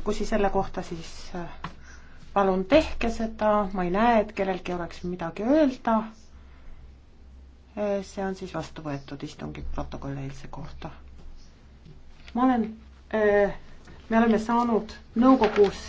märkusi selle kohta, siis äh, palun tehke seda, ma ei näe, et kellelgi oleks midagi öelda. Äh, see on siis vastu võetud istungi protokoll eilse kohta. ma olen, äh, me oleme saanud nõukogus